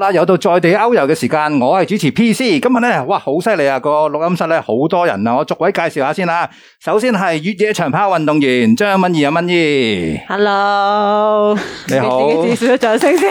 啦，有到在地 Out 遊嘅時間，我係主持 PC。今日咧，哇，好犀利啊！個錄音室咧，好多人啊！我逐位介紹下先啦。首先係越野長跑運動員張敏怡啊，敏怡，Hello，你好，你自己至少掌聲先，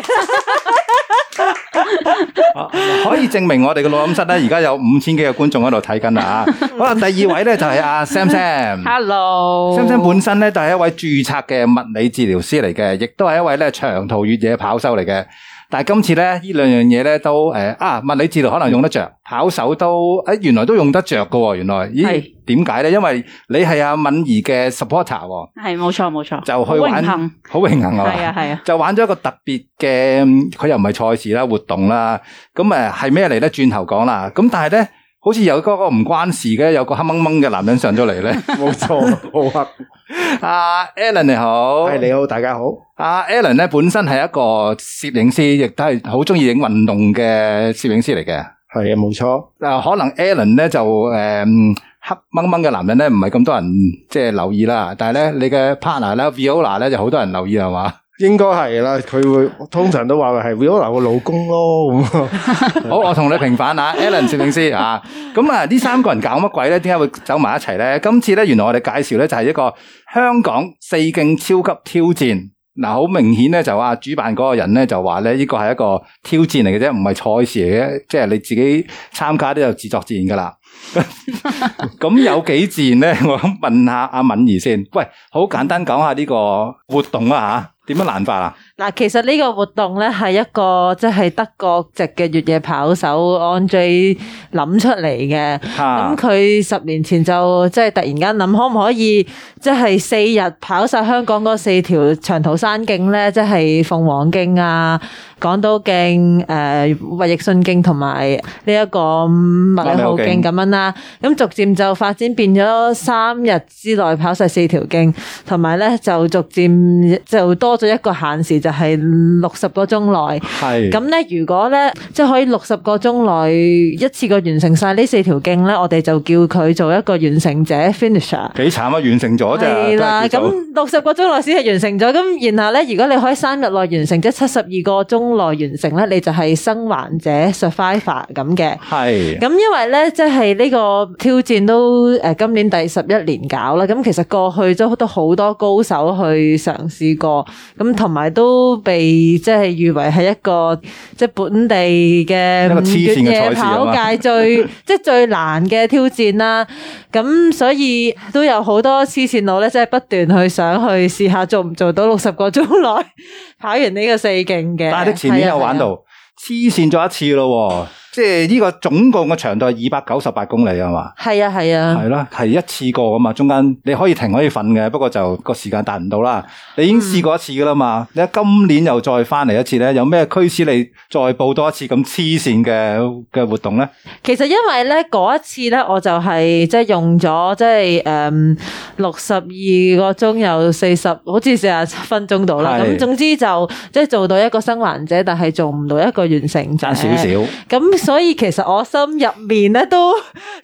可以證明我哋嘅錄音室咧，而家有五千幾個觀眾喺度睇緊啦啊！好啦，第二位咧就係阿 Sam Sam，Hello，Sam Sam。Sam, Hello. Sam 本身咧就係、是、一位註冊嘅物理治療師嚟嘅，亦都係一位咧長途越野跑手嚟嘅。但係今次咧，依兩樣嘢咧都誒啊，物理治療可能用得著，跑手都誒原來都用得著嘅喎。原來，咦點解？咧因為你係阿敏怡嘅 supporter 喎，係冇錯冇錯，就去玩，好榮幸我係啊係啊，就玩咗一個特別嘅，佢又唔係賽事啦活動啦，咁誒係咩嚟咧？轉頭講啦，咁但係咧。好似有嗰個唔關事嘅，有個黑掹掹嘅男人上咗嚟咧，冇錯，好黑。阿 Alan 你好，係、hey, 你好，大家好。阿 Alan 咧本身係一個攝影師，亦都係好中意影運動嘅攝影師嚟嘅，係啊，冇錯。誒，可能 Alan 咧就誒、呃、黑掹掹嘅男人咧，唔係咁多人即係留意啦。但係咧，你嘅 partner 咧，Viola 咧就好多人留意係嘛？應該係啦，佢會通常都話佢係 w i l l 個老公咯。咁 好，我同你平反啊 Alan 攝影師啊。咁、嗯、啊，呢三個人搞乜鬼咧？點解會走埋一齊咧？今次咧，原來我哋介紹咧就係一個香港四徑超級挑戰。嗱、啊，好明顯咧就話主辦嗰個人咧就話咧呢個係一個挑戰嚟嘅啫，唔係賽事嚟嘅。即、就、係、是、你自己參加都有自作自然噶啦。咁、啊嗯、 有幾戰咧？我想問下阿、啊、敏怡先。喂，好簡單講下呢個活動啊吓。點樣爛法啊？嗱，其實呢個活動咧係一個即係德國籍嘅越野跑手 Andre 諗出嚟嘅。咁佢十年前就即係突然間諗，可唔可以即係四日跑晒香港四條長途山徑咧？即係鳳凰徑啊、港島徑誒，衛奕信徑同埋呢一個麥理浩徑咁樣啦。咁逐漸就發展變咗三日之內跑晒四條徑，同埋咧就逐漸就多咗一個限時。就，係六十個鐘內，係咁咧如果咧即係可以六十個鐘內一次過完成晒呢四條徑咧，我哋就叫佢做一個完成者 finisher。幾慘啊！完成咗啫，係啦。咁六十個鐘內先係完成咗。咁然後咧，如果你可以三日內完成，即係七十二個鐘內完成咧，你就係生還者 survivor 咁嘅。係。咁因為咧，即係呢個挑戰都誒，今年第十一年搞啦。咁其實過去都都好多高手去嘗試過，咁同埋都。都被即係譽為係一個即係本地嘅越野跑界最 即係最難嘅挑戰啦。咁所以都有好多黐線佬咧，即係不斷去想去試下做唔做到六十個鐘內跑完呢個四徑嘅。但係前面有玩到黐、啊啊、線咗一次咯，啊。即係呢個總共嘅長度係二百九十八公里啊嘛，係啊係啊，係啦係一次過咁嘛，中間你可以停可以瞓嘅，不過就個時間達唔到啦。你已經試過一次噶啦嘛，你今年又再翻嚟一次咧，有咩驅使你再報多一次咁黐線嘅嘅活動咧？其實因為咧嗰一次咧，我就係即係用咗即係誒六十二個鐘又四十，好似四十七分鐘到啦。咁總之就即係做到一個生還者，但係做唔到一個完成，差少少咁。所以其實我心入面咧都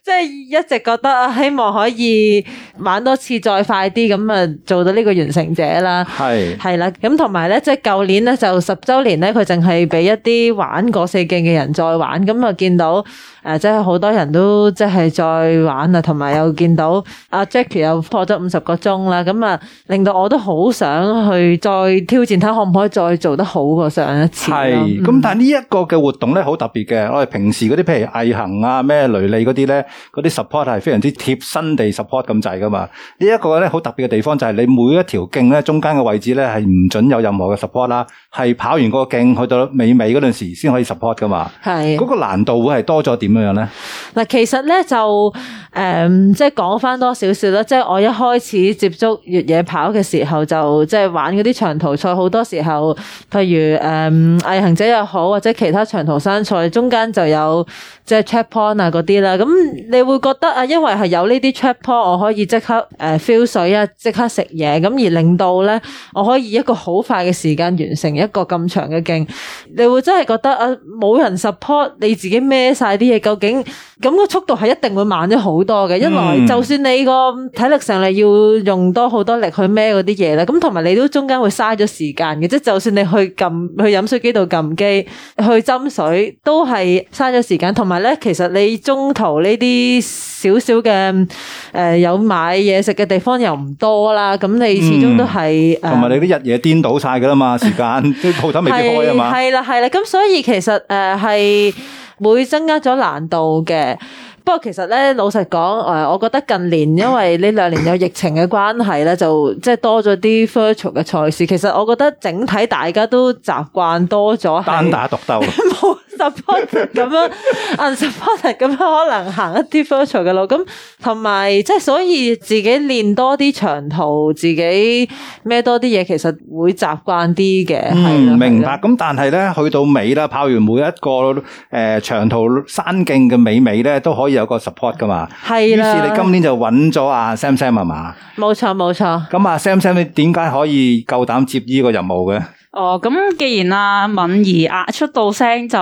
即係一直覺得啊，希望可以玩多次再快啲，咁啊做到呢個完成者啦。係係啦，咁同埋咧，即係舊年咧就十週年咧，佢淨係俾一啲玩過四徑嘅人再玩，咁啊見到。誒，即係好多人都即係再玩啊，同埋又見到阿 Jackie 又破咗五十個鐘啦，咁啊，令到我都好想去再挑戰睇可唔可以再做得好過上一次咯。係，咁但係呢一個嘅活動咧好特別嘅，我哋平時嗰啲譬如毅行啊、咩雷利嗰啲咧，嗰啲 support 係非常之貼身地 support 咁滯噶嘛。呢一個咧好特別嘅地方就係你每一條徑咧中間嘅位置咧係唔準有任何嘅 support 啦，係跑完個徑去到尾尾嗰陣時先可以 support 噶嘛。係。嗰個難度會係多咗點。咁樣咧，嗱其實咧就誒即係講翻多少少啦。即係我一開始接觸越野跑嘅時候，就即係玩啲長途賽好多時候，譬如誒毅行者又好，或者其他長途山賽中間就有即係 check point 啊啲啦。咁你會覺得啊，因為係有呢啲 check point，我可以即刻誒 fill 水啊，即刻食嘢，咁而令到咧，我可以一個好快嘅時間完成一個咁長嘅徑。你會真係覺得啊，冇人 support，你自己孭晒啲嘢。究竟咁個速度係一定會慢咗好多嘅，一來就算你個體力上嚟要用多好多力去孭嗰啲嘢喇，咁同埋你都中間會嘥咗時間嘅，即係就算你去撳去飲水機度撳機去斟水，都係嘥咗時間。同埋咧，其實你中途呢啲少少嘅誒，有買嘢食嘅地方又唔多啦，咁你始終都係同埋你啲日夜顛倒晒噶啦嘛，時間即鋪頭未開啊嘛，係啦係啦，咁所以其實誒係。會增加咗難度嘅。不過其實咧，老實講，誒，我覺得近年因為呢兩年有疫情嘅關係咧，就即係多咗啲 virtual 嘅賽事。其實我覺得整體大家都習慣多咗，單打獨 鬥冇 support 咁樣，冇 support 咁樣可能行一啲 virtual 嘅路。咁同埋即係所以自己練多啲長途，自己孭多啲嘢，其實會習慣啲嘅。嗯，明白。咁但係咧，去到尾啦，跑完每一個誒長途山徑嘅尾尾咧，都可以。有個 support 噶嘛，係啊，於是你今年就揾咗阿 Sam Sam 係嘛？冇錯冇錯。咁阿、啊、Sam Sam 你點解可以夠膽接呢個任務嘅？哦，咁既然阿敏怡壓出到聲，就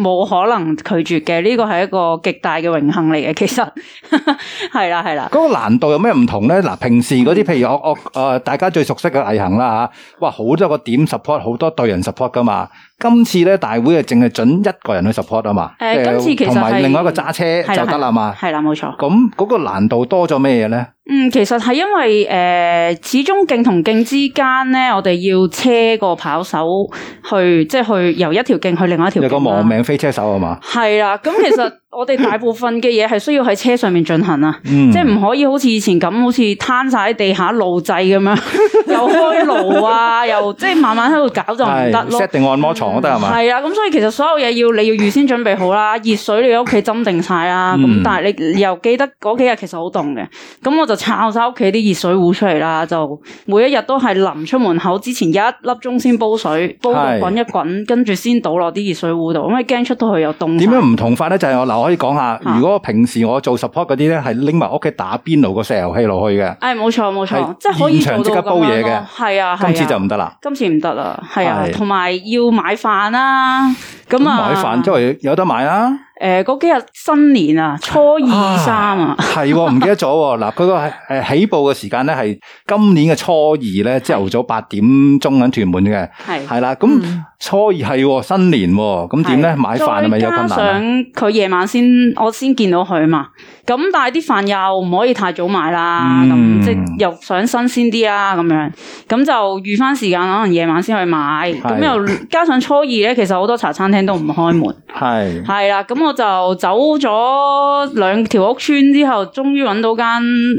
冇可能拒絕嘅。呢個係一個極大嘅榮幸嚟嘅。其實係啦係啦。嗰 個難度有咩唔同咧？嗱，平時嗰啲，譬如我我誒、呃，大家最熟悉嘅毅行啦吓，哇，好多個點 support，好多隊人 support 噶嘛。今次咧，大會啊，淨係准一個人去 support 啊嘛。誒、呃，是今次其實係另外一個揸車就得啦嘛。係啦，冇錯。咁嗰個難度多咗咩嘢咧？嗯，其實係因為誒、呃，始終徑同徑之間咧，我哋要車個跑手去，即係去由一條徑去另一條。一個亡命飛車手啊嘛。係啦、嗯，咁其實我哋大部分嘅嘢係需要喺車上面進行啊， 嗯、即係唔可以好似以前咁，好似攤晒喺地下路制咁樣，又開爐啊， 又即係慢慢喺度搞就唔得咯。set 定按摩床。嗯係啊，咁所以其實所有嘢要你要預先準備好啦，熱水你喺屋企斟定晒啦。咁、嗯、但係你又記得嗰幾日其實好凍嘅，咁我就抄晒屋企啲熱水壺出嚟啦，就每一日都係臨出門口之前一粒鐘先煲水，煲到滾一滾，係，跟住先倒落啲熱水壺度，咁你驚出到去又凍。點樣唔同法咧？就係、係、我嗱可以講下，如果平時我做 support 嗰啲咧，係拎埋屋企打邊爐個石油氣落去嘅。誒，冇錯冇錯，錯現場即係可以即刻煲嘢嘅。係啊，今次就唔得啦。今次唔得啦，係啊，同埋要買。飯啊，咁啊，買飯周圍有得買啊。誒，嗰幾日新年啊，初二三啊，係唔記得咗嗱？佢個誒起步嘅時間咧，係今年嘅初二咧，朝頭早八點鐘喺屯門嘅，係係啦。咁初二係新年，咁點咧買飯係咪有困難啊？加上佢夜晚先，我先見到佢嘛。咁但係啲飯又唔可以太早買啦，咁即係又想新鮮啲啊。咁樣咁就預翻時間，可能夜晚先去買。咁又加上初二咧，其實好多茶餐廳都唔開門，係係啦，咁我就走咗兩條屋村之後，終於揾到間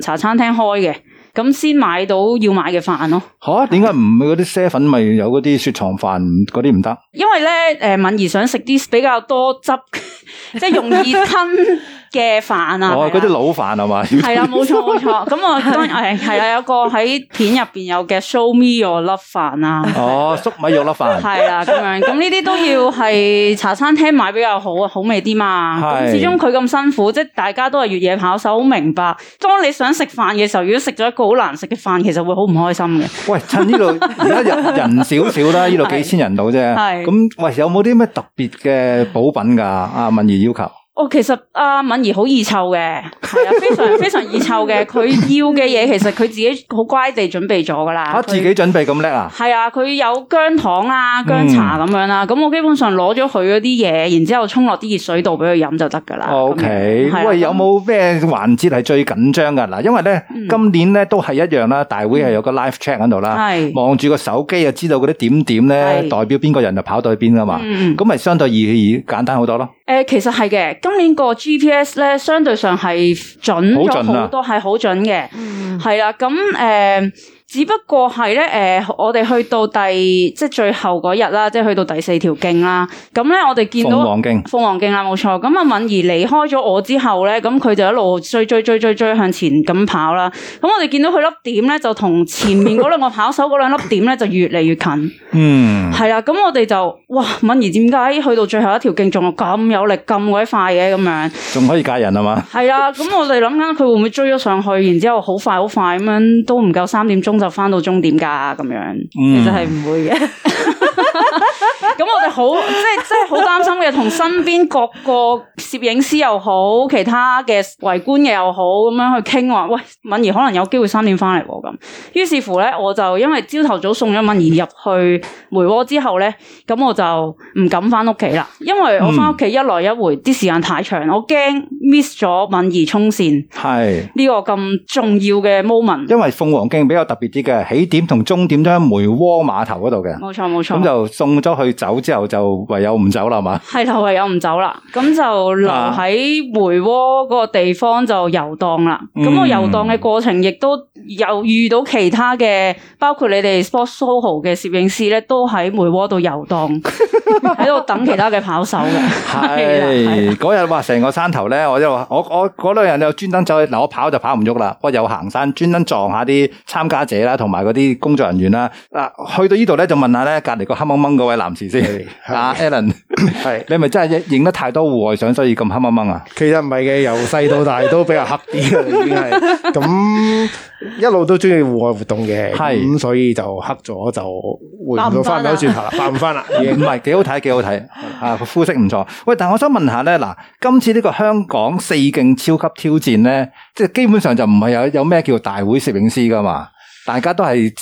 茶餐廳開嘅，咁先買到要買嘅飯咯。吓、啊，點解唔去嗰啲啡粉？咪有嗰啲雪藏飯嗰啲唔得？因為咧，誒，敏怡想食啲比較多汁， 即係容易吞。 嘅飯啊，哦，嗰啲、啊、老飯啊嘛，係啊，冇錯冇錯。咁我當然係、 哎、啊，有個喺片入邊有嘅 Show me your love 飯啊，哦，粟米肉粒飯，係啦、啊，咁樣咁呢啲都要係茶餐廳買比較好啊，好味啲嘛。咁是始終佢咁辛苦，即係大家都係越野跑手，好明白。當你想食飯嘅時候，如果食咗一個好難食嘅飯，其實會好唔開心嘅。喂，趁呢度而家人少少啦，呢度幾千人度啫。咁喂，有冇啲咩特別嘅補品㗎？阿敏怡要求。哦，其實阿敏怡好易湊嘅，係啊，非常非常易湊嘅。佢要嘅嘢其實佢自己好乖地準備咗噶啦。嚇，自己準備咁叻啊？係啊，佢有薑糖啊、薑茶咁樣啦。咁我基本上攞咗佢嗰啲嘢，然之後沖落啲熱水度俾佢飲就得噶啦。OK，喂，有冇咩環節係最緊張㗎？嗱，因為咧今年咧都係一樣啦，大會係有個 live check 喺度啦，望住個手機啊，知道嗰啲點點咧代表邊個人就跑到去邊㗎嘛。咁咪相對而言簡單好多咯。誒，其實係嘅。今年個 GPS 咧，相對上係準咗好多，係好準嘅、啊，係啦、嗯，咁誒。呃只不過係咧，誒、呃，我哋去到第即係最後嗰日啦，即係去到第四條徑啦。咁咧，我哋見到鳳凰徑，鳳凰徑啊，冇錯。咁阿敏怡離開咗我之後咧，咁佢就一路追，追，追，追，追，追，追，追，追，追向前咁跑啦。咁我哋見到佢粒點咧，就同前面嗰兩個跑手嗰兩粒點咧，就越嚟越近，嗯 係啦。咁我哋就哇，敏怡點解去到最後一條徑仲咁有力，咁鬼快嘅咁樣？仲可以嫁人啊嘛？係 啊。咁我哋諗緊佢會唔會追咗上去，然後之後好快好快咁樣，都唔夠三點鐘。就翻到終點噶咁樣，嗯、其實係唔會嘅。 咁 我哋好，即係即係好擔心嘅，同身邊各個攝影師又好，其他嘅圍觀嘅又好，咁樣去傾話，喂，敏怡可能有機會三點翻嚟喎咁。於是乎咧，我就因為朝頭早送咗敏怡入去梅窩之後咧，咁我就唔敢翻屋企啦，因為我翻屋企一來一回啲、嗯、時間太長，我驚 miss 咗敏怡沖線。係呢是個咁重要嘅 moment。因為鳳凰徑比較特別啲嘅，起點同終點都喺梅窩碼頭嗰度嘅，冇錯冇錯。咁就送咗去。走之後就唯有唔走啦，係嘛？係啦，唯有唔走啦，咁就留喺梅窩嗰個地方就遊蕩啦。咁我遊蕩嘅過程亦都，又遇到其他嘅，包括你哋 Sportsoho 嘅攝影師呢，都喺梅窩度游蕩，喺度 等其他嘅跑手嘅。係嗰日哇，成 個山頭咧，我,就我,我那天又我我嗰類人就專登走去嗱，我跑就跑唔喐啦，我又行山，專登撞一下啲參加者啦，同埋嗰啲工作人員啦、啊。去到呢度咧，就問下咧隔籬個黑蒙蒙嗰位男士先， 係， 你咪真係影得太多戶外相，所以咁黑掹掹啊？其實唔係嘅，由細到大都比較黑啲啦，已經係咁、嗯、一路都中意戶外活動嘅，係咁、 嗯、所以就黑咗就換唔到翻紐轉頭，翻唔翻啦？唔係幾好睇，幾好睇 啊！膚色唔錯。喂，但我想問下咧，嗱，今次呢個香港四徑超級挑戰咧，即係基本上就唔係有有咩叫大會攝影師噶嘛？大家都係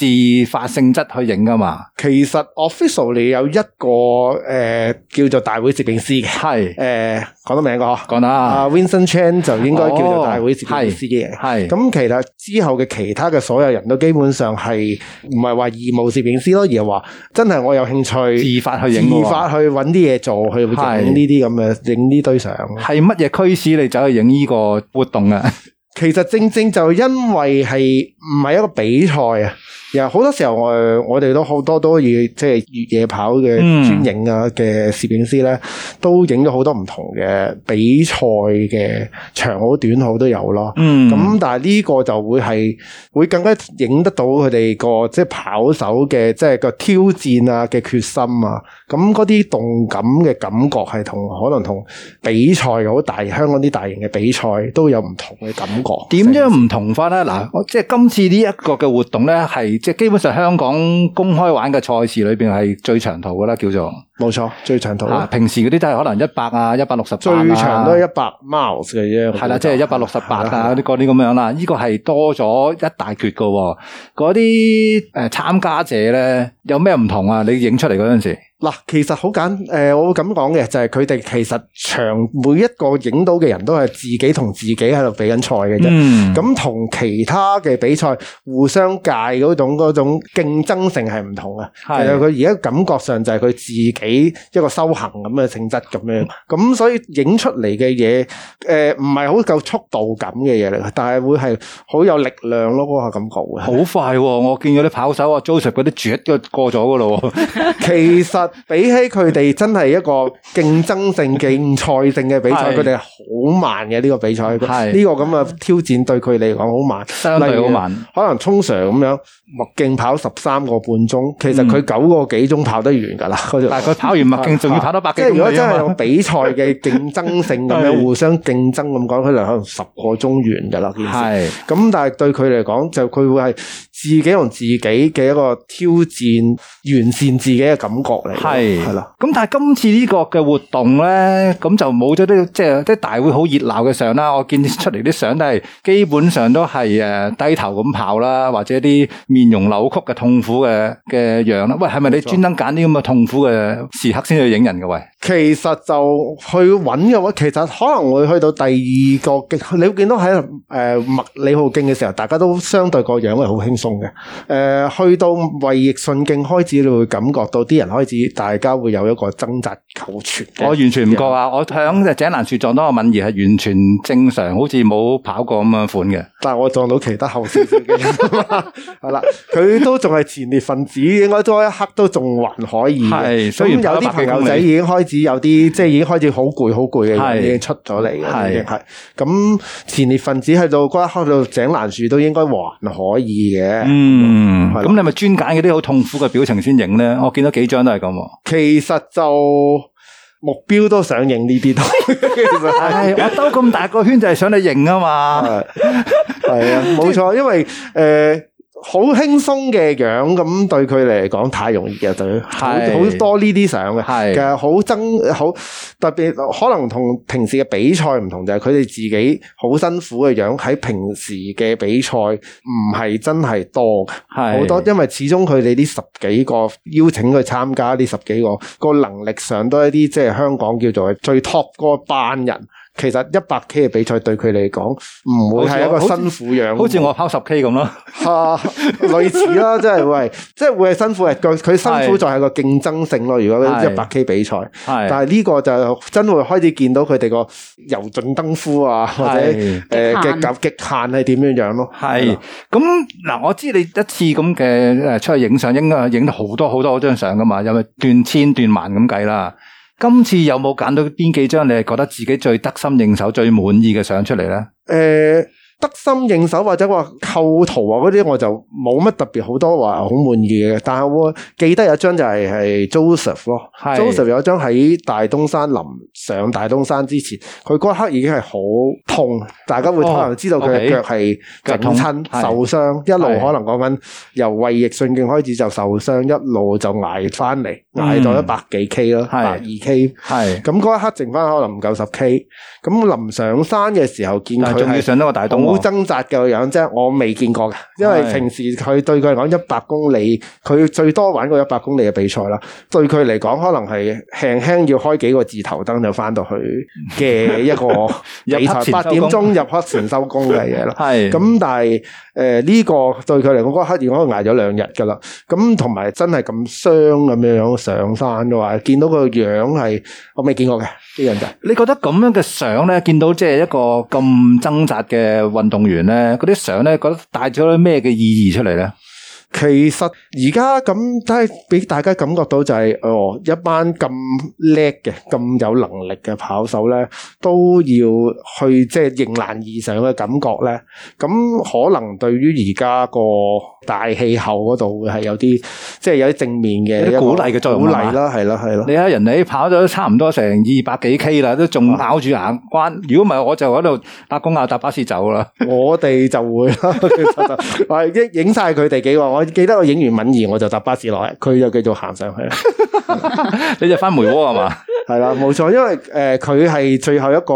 自發性質去影㗎嘛？其實 officially 有一個誒、呃、叫做大會攝影師嘅，係誒講得明個嗬，講得啊，Vincent Chan 就應該叫做大會攝影師嘅，係咁、哦。其實之後嘅其他嘅所有人都基本上係唔係話義務攝影師咯，而係話真係我有興趣自發去影，自發去揾啲嘢做去影呢啲咁嘅影呢堆相。係乜嘢驅使你走去影呢個活動啊？ 其實正正就因為，係唔係一個比賽啊！好多時候，我我哋都好多都以，即係越野跑嘅專影啊嘅攝影師咧，嗯、都影咗好多唔同嘅比賽嘅長跑、短跑都有咯。咁、嗯、但係呢個就會係會更加影得到佢哋個即係跑手嘅即係個挑戰啊嘅決心啊。咁嗰啲動感嘅感覺係同可能同比賽好大，香港啲大型嘅比賽都有唔同嘅感覺，點樣唔同法咧？嗱，我即係今次呢一個嘅活動咧係。即基本上香港公開玩嘅賽事裏邊係最長途噶啦，叫做冇錯，最長途啦、啊。平時嗰啲都係可能一百啊、一百六十最長都係一百 miles 嘅啫。係啦，即係一百六十八啊，嗰啲啲咁樣啦。呢個係多咗一大橛噶、哦。嗰啲誒參加者咧有咩唔同啊？你影出嚟嗰陣時。嗱，其實好簡，誒、呃，我會咁講嘅，就係佢哋其實長每一個影到嘅人都係自己同自己喺度比緊賽嘅啫，咁同、嗯、其他嘅比賽互相界嗰種嗰種競爭性係唔同嘅，是的 其實佢而家感覺上就係佢自己一個修行咁嘅性質咁樣，咁、嗯、所以影出嚟嘅嘢，誒、呃，唔係好夠速度感嘅嘢嚟，但係會係好有力量咯，我係咁講好快、哦，嗯、我見咗啲跑手啊，Joseph 嗰啲絕都過咗噶咯，其實。比起佢哋真係一個競爭性、競賽性嘅比賽，佢哋好慢嘅呢個比賽，呢個咁嘅挑戰對佢嚟講好慢。例如可能通常咁樣麥徑跑十三個半鐘，其實佢九個幾鐘跑得完噶啦。但係佢跑完麥徑，仲要跑到百，即係如果真係有比賽嘅競爭性咁樣互相競爭咁講，佢哋可能十個鐘完噶啦。係咁，但係對佢嚟講，就佢會係。自己同自己嘅一個挑戰，完善自己嘅感覺嚟，係係啦。咁的但係今次呢個嘅活動咧，咁就冇咗啲即係即係大會好熱鬧嘅相啦。我見出嚟啲相都係，基本上都係誒低頭咁跑啦，或者啲面容扭曲嘅痛苦嘅嘅樣啦。喂，係咪你專登揀啲咁嘅痛苦嘅時刻先去影人嘅喂？其實就去揾嘅話，其實可能會去到第二個徑，你會見到喺誒麥理浩徑嘅時候，大家都相對個樣係好輕鬆。嘅，誒、呃，去到衛奕信徑開始，你會感覺到啲人開始，大家會有一個掙扎求全。我完全唔覺啊！有我響井欄樹撞到阿敏怡係完全正常，好似冇跑過咁樣款嘅。但係我撞到其他後少少嘅，係啦，佢都仲係前列分子，應該多一刻都仲還，還可以。咁有啲朋友仔已經開始有啲，嗯、即係已經開始好攰，好攰嘅，已經出咗嚟嘅，已係是。咁是前列分子去到，嗰一刻到井欄樹都應該還可以嘅。嗯，咁、嗯、的你咪專揀嗰啲好痛苦嘅表情先影咧？嗯、我見到幾張都係咁、啊。其實就目標都想影呢啲， 其實、 哎、我兜咁大個圈就係想你影啊嘛。係啊， 冇錯，因為誒。 呃好輕鬆嘅樣，咁對佢嚟講太容易嘅。對，係是好，好多呢啲相嘅，係是其實好憎好特別，可能同平時嘅比賽唔同，就係佢哋自己好辛苦嘅樣，喺平時嘅比賽唔係真係多嘅，係好是多，因為始終佢哋呢十幾個邀請佢參加呢十幾個，個能力上都係一啲即係香港叫做最 top 嗰班人。其實一百 K 嘅比賽對佢嚟講唔會係一個辛苦樣，樣，好似我跑十 K 咁咯，啊類似啦，即係會，即係會係辛苦，係佢 辛苦就係個競爭性咯。是如果一百 K 比賽，係是但係呢個就真會開始見到佢哋個油盡燈枯啊，是或者誒嘅極極限係點樣樣咯。係咁嗱，我知你一次咁嘅誒出去影相，應該影到好多好多張相噶嘛，有咪斷千斷萬咁計啦。今次有冇揀到邊幾張你係覺得自己最得心應手、最滿意嘅相出嚟咧？誒。欸得心應手或者話構圖啊嗰啲，我就冇乜特別好多話好滿意嘅，但係我記得有一張就係係 Joseph 咯是，Joseph 有一張喺大東山臨上大東山之前，佢嗰一刻已經係好痛，大家會可能知道佢嘅腳係整親、哦 okay、受傷傷是，一路可能講緊是由衛奕信徑開始就受傷，一路就挨翻嚟，挨咗一百幾 K 咯，百二、嗯、K，係咁嗰一刻剩翻可能唔夠十 K，咁臨上山嘅時候見佢仲要上到個大東。好掙扎嘅樣，即係我未見過嘅，因為平時佢對佢嚟講一百公里，佢最多玩過一百公里嘅比賽啦。對佢嚟講，可能係輕輕要開幾個字頭燈就翻到去嘅一個比賽。八點鐘入黑前收工嘅嘢咯。係咁， 是但係誒呢個對佢嚟講嗰個黑點，我捱咗兩日噶啦。咁同埋真係咁傷咁樣樣上山嘅話，見到個樣係我未見過嘅啲人仔。你覺得咁樣嘅相咧，見到即係一個咁掙扎嘅。運動員咧，嗰啲相咧，覺得帶咗咩嘅意義出嚟咧？其實而家咁即係俾大家感覺到就係、是、哦一班咁叻嘅咁有能力嘅跑手咧，都要去即係迎難而上嘅感覺咧。咁可能對於而家個大氣候嗰度係有啲即係有啲正面嘅鼓勵嘅作用啦。鼓勵啦，係啦，係啦吧。你睇吧人哋跑咗差唔多成二百幾 K 啦，都仲跑住眼關。如果唔係我就喺度阿公牛搭巴士走啦。 我哋就會啦，其實就影晒佢哋幾個。我記得我影完敏怡，我就搭巴士落去。佢就繼續行上去，你就翻梅窩啊嘛？係啦，冇錯，因為誒佢係最後一個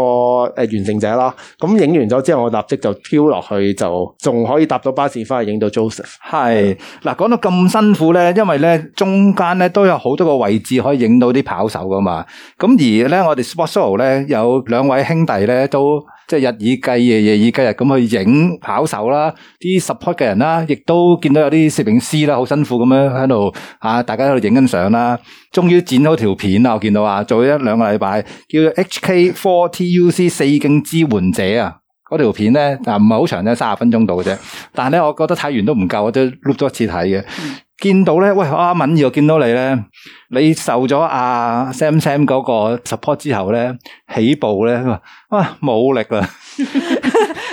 誒完成者咯。咁、嗯、影完咗之後，我立即就飄落去，就仲可以搭到巴士翻去影到 Joseph 是。係嗱、啊，講到咁辛苦咧，因為咧中間咧都有好多個位置可以影到啲跑手噶嘛。咁而咧，我哋 Sportsoho 咧有兩位兄弟咧都。即係日以繼夜、夜以繼日咁去影跑手啦，啲 support 嘅人啦，亦都見到有啲攝影師啦，好辛苦咁樣喺度啊！大家喺度影緊相啦，終於剪好條片啦！我見到啊，做咗一兩個禮拜，叫做 HK4TUC 四徑支援者啊。嗰條片咧，嗱唔係好長啫，卅分鐘到嘅啫。但係咧，我覺得睇完都唔夠，我都 look 咗一次睇嘅。見到咧，喂，阿、啊、敏我見到你咧，你受咗阿、啊、Sam Sam 嗰個 support 之後咧，起步咧，哇、啊，冇力啦。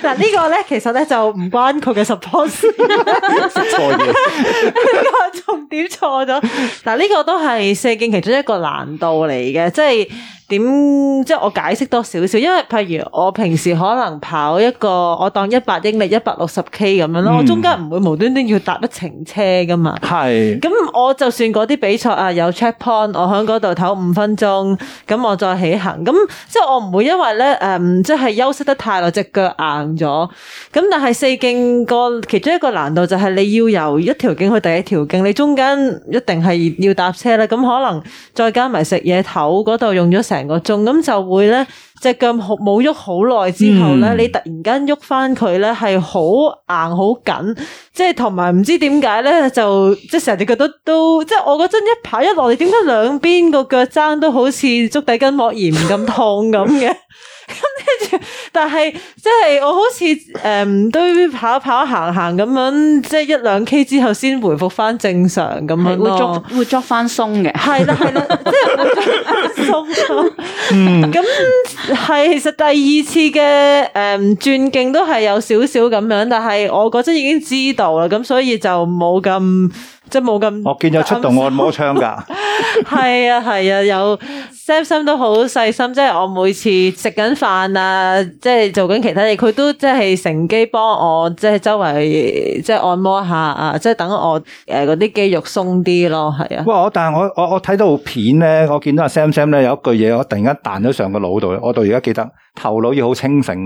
嗱， 呢個咧其實咧就唔關佢嘅 support 錯了。 錯嘅，呢個重點錯咗。嗱，呢個都係四徑其中一個難度嚟嘅，即係。點即係我解釋多少少，因為譬如我平時可能跑一個我當一百英里一百六十 K 咁樣咯，嗯、我中間唔會無端端要搭一程車噶嘛。係咁是我就算啲比賽啊有 check point，我響度唞五分鐘，咁我再起行，咁即係我唔會因為咧誒，即、嗯、係、就是、休息得太耐隻腳硬咗。咁但係四徑個其中一個難度就係你要由一條徑去第一條徑，你中間一定係要搭車啦。咁可能再加埋食嘢頭度用咗成。成個鐘咁就會咧。隻腳冇喐好耐之後咧，嗯、你突然間喐翻佢咧，係好硬好緊，即係同埋唔知點解咧，就即係成隻腳都即係我嗰陣一跑一落嚟，點解兩邊個腳踭都好似足底筋膜炎咁痛咁嘅？咁跟住，但係即係我好似誒、嗯，都跑跑行行咁樣，即係一兩 k 之後先回復翻正常咁樣，會捉會捉翻鬆嘅，係啦係啦，即係會鬆咗， 嗯，咁。 係，其實第二次嘅誒轉徑都係有少少咁樣，但係我嗰陣已經知道啦，咁所以就冇咁即係冇咁。就是，我見有出動按摩槍㗎，係 啊，係啊，有。Sam Sam 都好細心，即係我每次食緊飯啊，即係做緊其他嘢，佢都即係乘機幫我，即係周圍即係按摩下啊，即係等我誒嗰啲肌肉鬆啲咯，係啊。哇！但我但係我我我睇到片咧，我見到阿 Samsam 咧有一句嘢，我突然間彈咗上個腦度，我到而家記得。頭腦要好清醒，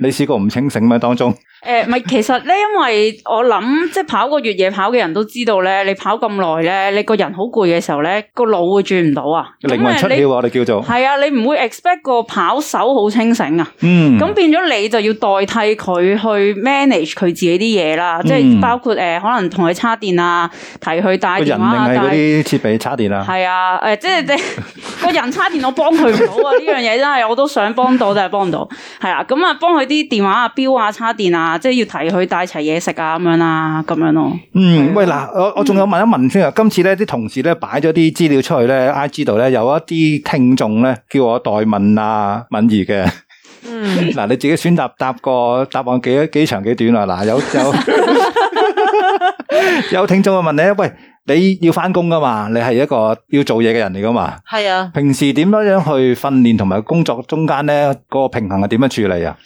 你試過唔清醒咩？當中誒，唔係其實咧，因為我諗即係跑個越野跑嘅人都知道咧，你跑咁耐咧，你個人好攰嘅時候咧，個腦會轉唔到啊，靈魂出竅我哋叫做係啊，你唔會 expect 個跑手好清醒啊，咁變咗你就要代替佢去 manage 佢自己啲嘢啦，即係包括誒，可能同佢插電啊，提佢帶電話啊，人定係啲設備插電啊，係啊，誒，即係即個人插電我幫佢唔到啊，呢樣嘢真係我都想幫到，但係。幫到係啊，咁啊幫佢啲電話啊、標啊、叉電啊，即係要提佢帶齊嘢食啊，咁樣啦，咁樣咯。嗯，喂嗱，我我仲有問一問先啊，今次咧啲同事咧擺咗啲資料出去咧，IG 度咧有一啲聽眾咧叫我代問啊敏怡嘅。嗯， 嗱你自己選擇答個答案幾幾長幾短啊，嗱有有 有聽眾啊問你啊，喂。你要返工噶嘛？你係一個要做嘢嘅人嚟噶嘛？係啊。平時點樣樣去訓練同埋工作中間咧，嗰個平衡係點樣處理啊？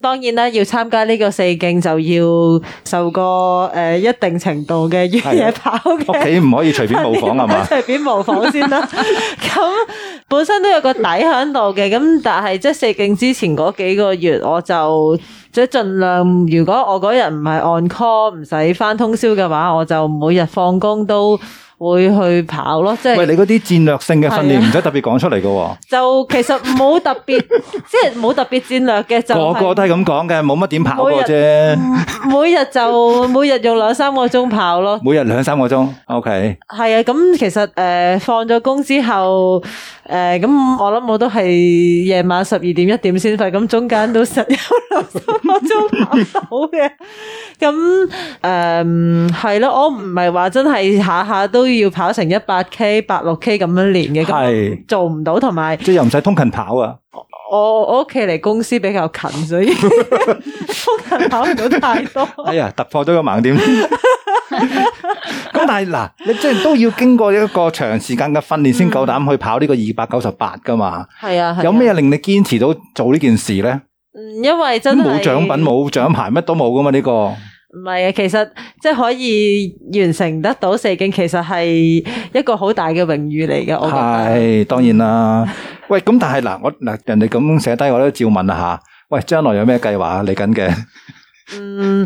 當然啦，要參加呢個四徑就要受過誒、呃、一定程度嘅越野跑，屋企唔可以隨便模仿係嘛，隨的的便模仿先啦。咁 本身都有個底喺度嘅，咁但係即係四徑之前嗰幾個月，我就即係盡量，如果我嗰日唔係 on call，唔使翻通宵嘅話，我就每日放工都。會去跑咯，即係。喂，你嗰啲戰略性嘅訓練唔使特別講出嚟㗎喎。就其實冇特別，即係冇特別戰略嘅就。個個都係咁講嘅，冇乜點跑過啫。每日就每日用兩三個鐘跑咯。每日兩三個鐘，OK。係啊，咁其實誒放咗工之後誒，咁我諗我都係夜晚十二點一點先瞓，咁中間都實有兩三個鐘跑到嘅。咁誒係咯，我唔係話真係下下都。都要跑成一百 k、八六 k 咁樣練嘅，咁做唔到，同埋即係又唔使通勤跑啊！我我屋企離公司比較近，所以 通勤跑唔到太多。哎呀，突破咗個盲點。咁但係嗱，你即係都要經過一個長時間嘅訓練先夠膽去跑呢個二百九十八噶嘛？係、嗯、啊，啊有咩令你堅持到做呢件事咧？因為真係冇獎品、冇獎牌，乜都冇噶嘛呢個。唔係啊，其實即係可以完成得到四徑，其實係一個好大嘅榮譽嚟嘅。我係當然啦。喂，咁但係嗱，我嗱人哋咁寫低，我都照問下。喂，將來有咩計劃？嚟緊嘅。 嗯，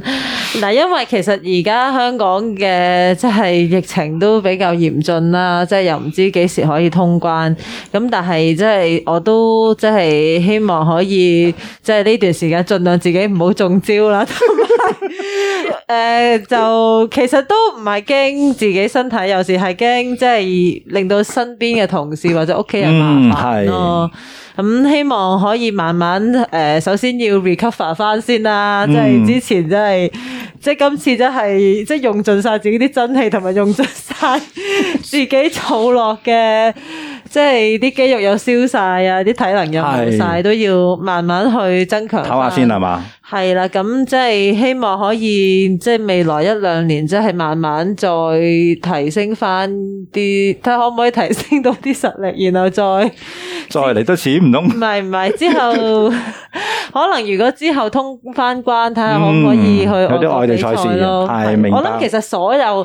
嗱，因為其實而家香港嘅，即係疫情都比較嚴峻啦，即係又唔知幾時可以通關。咁但係即係我都即係希望可以即係呢段時間盡量自己唔好中招啦。誒、 呃，就其實都唔係驚自己身體，有時係驚即係令到身邊嘅同事或者屋企人麻煩咯。嗯咁希望可以慢慢誒、呃，首先要 recover 翻先啦。即係、嗯、之前、即係，真係，即係今次、即係，真係，即係用盡晒自己啲真氣同埋用盡晒自己儲落嘅，即係啲肌肉又消晒啊，啲體能又冇晒，是都要慢慢去增強，唞下先啊嘛～係啦，咁即係希望可以即係未來一兩年，即係慢慢再提升翻啲，睇下可唔可以提升到啲實力，然後再再嚟多錢唔通？唔係唔係，之後可能如果之後通翻關，睇下可唔可以去外，嗯、地賽事咯？太明白，我諗其實所有。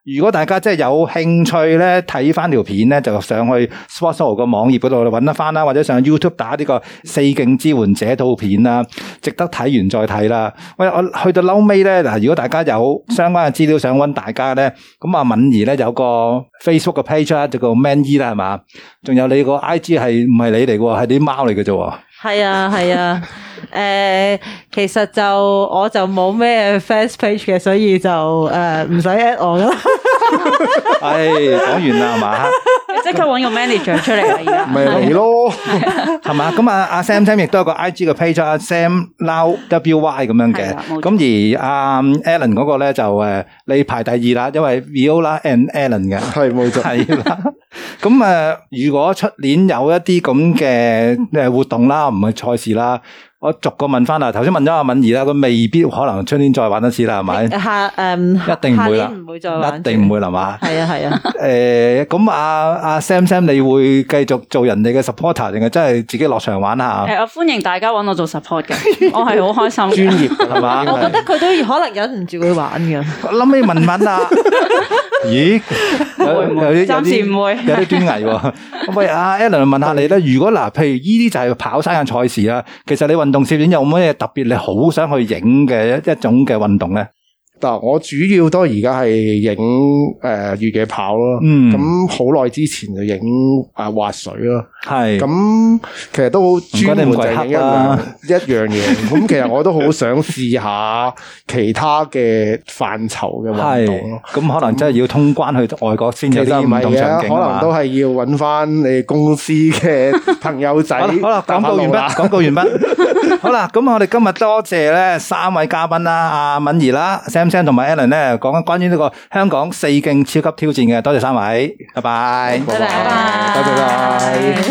如果大家真係有興趣咧，睇翻條片咧，就上去 Sportsoho 個網頁嗰度揾得翻啦，或者上 YouTube 打呢、呢個四徑支援者》套片啦，值得睇完再睇啦。喂，我去到撈尾咧，嗱，如果大家有相關嘅資料想揾大家咧，咁、嗯、阿敏怡咧有個 Facebook 嘅 page 啦，就叫 Man E 啦，係嘛？仲有你個 IG 係唔係你嚟嘅？係啲貓嚟嘅啫。係啊係啊，誒，其實就我就冇咩 fans page 嘅，所以就誒唔使 at 我噶啦，係講完啦係嘛，即刻搵個 manager 出嚟啦而家，咪係咯，係嘛，咁啊阿 Samsam 亦都有個 IG 嘅 page 啊，Sam Lau W Y 咁樣嘅，咁而阿 Alan 嗰個咧就誒。你排第二啦，因為 Viola and Alan 嘅係冇錯，係啦。咁誒，如果出年有一啲咁嘅誒活動啦，唔係賽事啦，我逐個問翻啦。頭先問咗阿敏怡啦，佢未必可能春天再玩一次啦，係咪？下誒，一定唔會啦，唔會再，一定唔會係嘛？係啊係啊。誒，咁阿阿 Sam Sam，你會繼續做人哋嘅 supporter，定係真係自己落場玩下？誒，我歡迎大家搵我做 support 嘅，我係好開心，專業係嘛？我覺得佢都可能忍唔住會玩嘅。我諗你。問問啊？咦，有啲有啲有啲端倪喎。喂，阿 Alan 問下你啦。如果嗱，譬如依啲就係跑山嘅賽事啊，其實你運動攝影有冇咩特別你好想去影嘅一種嘅運動咧？嗱、嗯，我主要都而家係影誒越野跑咯、啊。咁好耐之前就影啊滑水咯、啊。係咁，其實都專門就影一樣一樣嘢。咁其實我都好想試下其他嘅範疇嘅運動咯。咁可能真係要通關去外國先有得唔同場景嘛？可能都係要揾翻你公司嘅朋友仔。好啦，廣告完畢，廣告完畢。好啦，咁我哋今日多謝咧三位嘉賓啦，阿敏怡啦、Samsam 同埋 Alan 咧，講緊關於呢個香港四徑超級挑戰嘅，多謝三位，拜拜，拜拜，拜拜。